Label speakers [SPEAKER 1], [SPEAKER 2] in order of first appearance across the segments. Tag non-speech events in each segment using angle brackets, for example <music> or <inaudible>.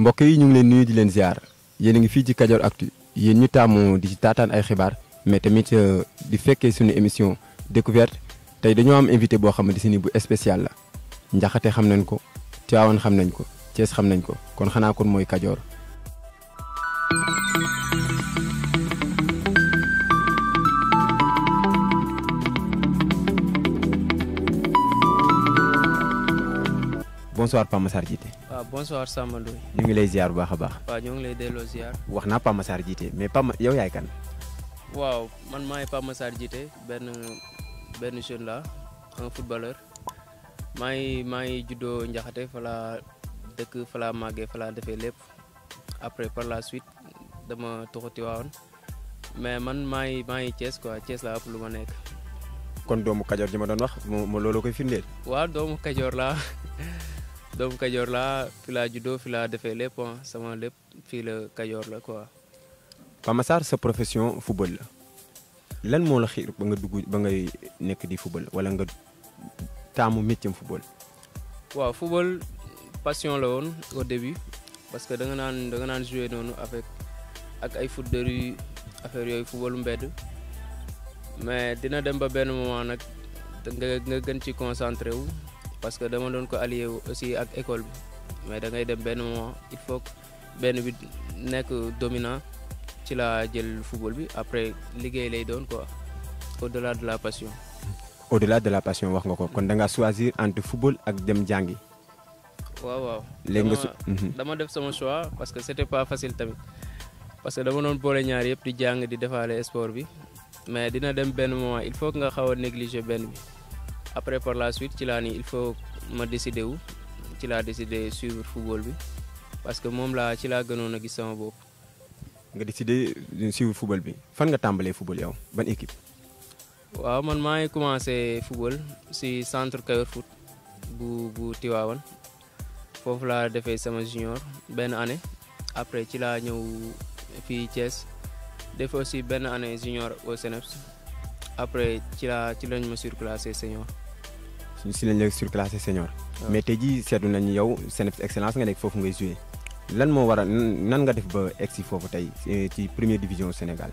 [SPEAKER 1] mbokk yi ñu ngi leen nuyu di leen ziar yéen a ngi fii ci Kajoor Actu yéen ñu taamu di ci taataan ay xibaar mais tamit euh, di fekkee suñu émission découverte tey dañoo am invité boo xamante si ni bu spécial la Njaxate xam nañ ko Tiwaawan xam nañ ko Thiès xam nañ ko kon xanaa kon mooy Kajoor bonsoir Pape Massar Djité.
[SPEAKER 2] waaw ah, bonsoir Samba Ndoye. ñu
[SPEAKER 1] ngi lay ziar bu baax baax.
[SPEAKER 2] Wa ñu ngi lay délo ziar.
[SPEAKER 1] wax na Pape Massar Djité mais Pape yow yaay kan.
[SPEAKER 2] waaw man maay Pape Massar Djité ben ben jeune la un footballeur Maay maay judo ngi juddoo Njaxate fa laa dëkk fa laa màggee fa lépp après par la suite dama toxoti waawon. mais man maay maay Thiès quoi Thiès la ëpp lu ma nekk.
[SPEAKER 1] kon doomu kajoor ji ma doon wax mo lolo koy
[SPEAKER 2] firndeel. waaw doomu kajoor la <laughs> donc kayor la fi la judo fi laa defee lépp hein. sama lepp fi le kayor la quoi.
[SPEAKER 1] Pape Massar sa profession football la lan mo la xir ba nga dugg ba ngay nek di football wala nga taamu métier football.
[SPEAKER 2] wa football passion la won au début parce que da nga nan da nga nan jouer noonu avec ak ay footballeurs yu affaire yoy footballu mbedd mais dina dem ba ben moment nak nga nga gën ci concentré wu parce que dama doon ko allier aussi ak école bi mais da ngay dem benn moment il faut que benn bi nekk dominant ci la jël football bi après liggéey lay doon quoi au-delà de la passion.
[SPEAKER 1] au-delà de la passion wax nga ko kon da nga choisir entre football ak dem jàngi.
[SPEAKER 2] waaw waaw léegi mhm. dama def sama choix parce que c'était pas facile tamit parce que dama doon boole ñaar yëpp di jàng di defaale sport bi mais dina dem benn moment il faut que nga xaw a négliger benn bi après par la suite ci la ni il faut ma décidé wu ci la décidé suivre football bi parce que mom la ci la gënon a gis sama bopp.
[SPEAKER 1] nga de suivre football bi fan nga tambalé football yow ban équipe.
[SPEAKER 2] waaw man maa ngi commencé football si centre cœur Foot bu bu Tiwaawan fofu la défé sama junior ben année après ci la ñëw fi Thiès def aussi ben année junior au CNEPS après ci laa ci lañ ma surclassé senior
[SPEAKER 1] si lañ la surclassé senior. Ah. mais tey dis c'est nañu yow CNEPS excellence nga nekk foofu ngay joué lan mo wara nan nga def ba exi fofu tay eh, ci première division Sénégal.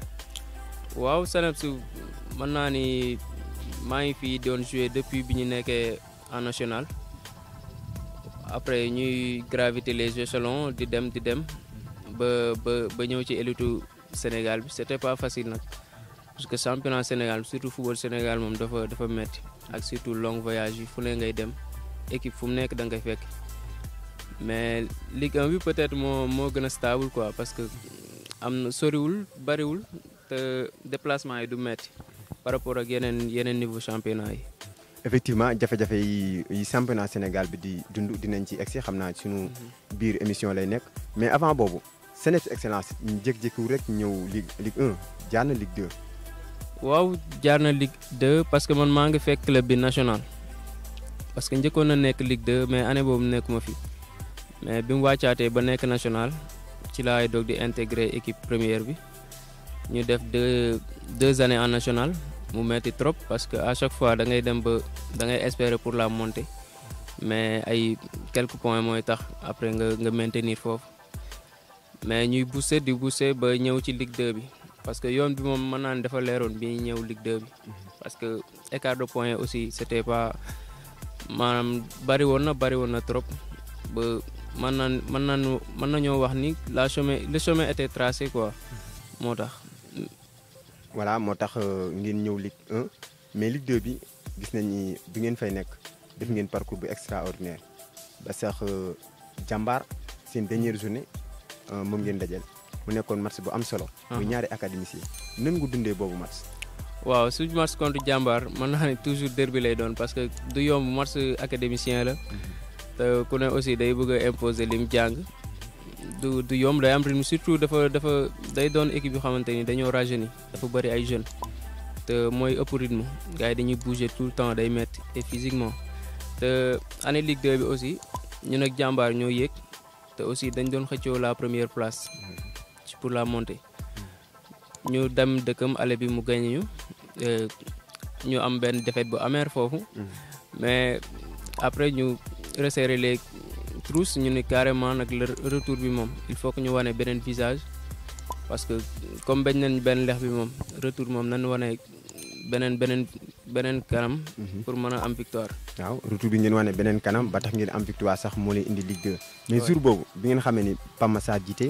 [SPEAKER 2] waaw CNEPS man naa ni ma ngi fii doon depuis biñu nekké en national après ñuy gravité les échelons di dem di dem ba ba ba ñëw ci élite Sénégal bi c'était pas facile parce que championnat Sénégal surtout football Sénégal mom dafa dafa metti ak surtout long voyage yi fu ne ngay dem équipe fu mu nekk da nga fekk mais Ligue 1 bi peut-être moo moo gën a stable quoi parce que am na soriwul bariwul te déplacement yi du metti par rapport ak yeneen yeneen niveau championnat yi.
[SPEAKER 1] effectivement jafe-jafe yi yi championnat Sénégal bi di dund dinañ ci egsi xam naa suñu mhm. biir émission lay nekk mais avant boobu Sénégal excellence ñu jékki rek ñëw Ligue Ligue 1 jaar na Ligue
[SPEAKER 2] 2 waaw jaar na Ligue 2 parce que mon maa ngi club national parce que Ligue 2 mais année boobu nekkuma fi mais bi mu wàccaatee ba nekk national ci laay doog di intégrer équipe première bi ñu deux années en national mu metti trop parce que à chaque fois da ngay dem ba espérer pour la montée mais quelques points mooy tax après nga nga maintenir mais ñuy di ba ñëw ci Ligue 2 parce que yoon bi mom manan naan dafa leeroon bi ñew Ligue 2 bi parce que écart de point aussi c'était pas manam bari woon na bari woon na trop ba manan naan man nañu wax ni la chemin le chemin était tracé quoi motax
[SPEAKER 1] voilà motax tax euh, ngeen ñëw Ligue 1 mais Ligue 2 bi gis nañ ni bi ngeen fay nek def ngeen parcours bu extraordinaire ba sax euh, jàmbaar seen dernière journée euh, mom ngeen dajal. mu nekkoon match bu am solo. bu ah. ñaari académiciens nan nga dundee boobu match.
[SPEAKER 2] waaw suñu match contre jàmbaar mën naa ne toujours derby lay doon parce que du yomb match académicien la. Mhm. te ku ne aussi day bëgg a imposer lim jàng. du du yomb day am rythme surtout dafa dafa day doon équipe yoo xamante ni dañoo rajeuni dafa bëri ay jeunes. te mooy ëpp rythme gars dañuy bouger tout le temps day métti et physiquement. te année Ligue 2 bi aussi ñu ak jàmbaar ñoo yéeg te aussi dañ doon xëccoo la première place. Mhm. ci pour la montée ñu dem dëkkam ale bi mu gagné ñu euh, ñu am benn défaite bu amer foofu. Mm-hmm. mais après ñu resserrer les trousses ñu ne carrément nag le retour bi moom il faut que ñu wane beneen visage parce que comme bañ nañ benn lex bi moom retour moom nañ wane beneen beneen beneen kanam. Mm-hmm. pour mën a am victoire. waaw
[SPEAKER 1] retour bi ngeen wane beneen kanam ba tax ngeen am victoire sax moo leen indi Ligue 2. mais jour boobu bi ngeen xamee ni Pama Sarr jiite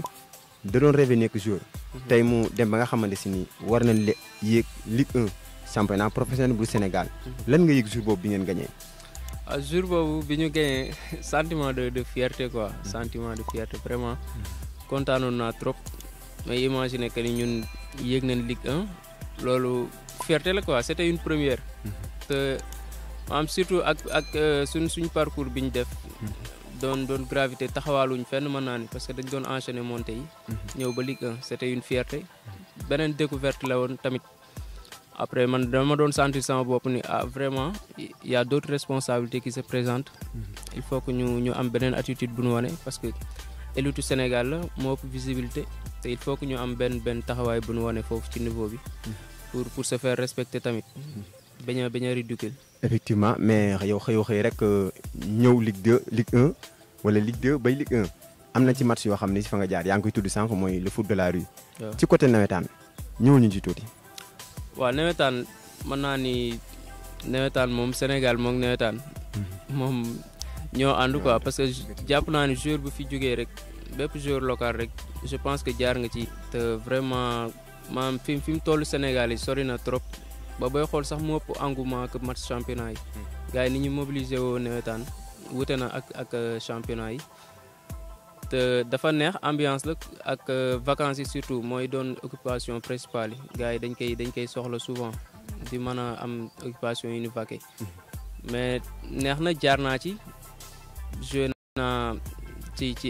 [SPEAKER 1] da doon rêvé nekk joueur. Mhm. tey mu dem ba nga xamanteni ni war na le yéeg Ligue 1 championnat professionnel bu Sénégal. Mhm. lan nga yëg jour boobu bi ngeen gagné. a
[SPEAKER 2] ah, jour boobu bi ñu gagné <laughs> sentiment de de fierté quoi mhm. sentiment de fierté vraiment kontaanoon na trop mais imaginer que ni ñun yéeg nañ Ligue 1 lolu fierté la quoi c'était une première. te am surtout ak ak euh, suñ suñ parcours biñ def don don gravité taxawaaluñ fenn mën naa parce que dañ doon enchaîner montée yi. Mhm. ñëw ba Ligue 1 c'était une fierté. benen découverte la won tamit après man dama doon sentir sama bop ni ah vraiment y a d'autres responsabilités qui se présentent. Mhm. il faut que ñu ñu am benen attitude bu ñu wane parce que élitu Sénégal la moo ëpp visibilité te il faut que ñu am ben ben taxaway bu ñu wane foofu ci niveau bi. Mhm. pour pour se faire respecter tamit. baña baña bañ ridicule.
[SPEAKER 1] effectivement mais yow xëy xëy rek euh, ñëw Ligue 2 Ligue 1. wala Ligue 2 bay Ligue 1 am ci match yoo xam ne si fa nga jaar yang koy tudd sànq mooy le foot de la rue. ci côté nawetaan ñëwuñu ci tuuti.
[SPEAKER 2] waaw nawetaan mën naa ni nawetaan moom Sénégal moom nawetaan. Mhm. moom ñoo ànd quoi parce que jàpp naa ni joueur bu fi rek bépp joueur local rek je pense que jaar nga ci. te vraiment maam fi fi mu Senegal. Sénégal yi sori na trop ba booy xool sax mu ëpp engouement que match championnat yi. Hmm. gars yi ni ñu mobiliser woo nawetaan. wute na ak ak euh, championnat yi te dafa neex ambiance la ak euh, vacances yi surtout moy doon occupation principale yi gars yi dañ koy dañ koy soxla souvent di mën am occupation une ñu mm-hmm. mais neex na jarna ci joué na ci ci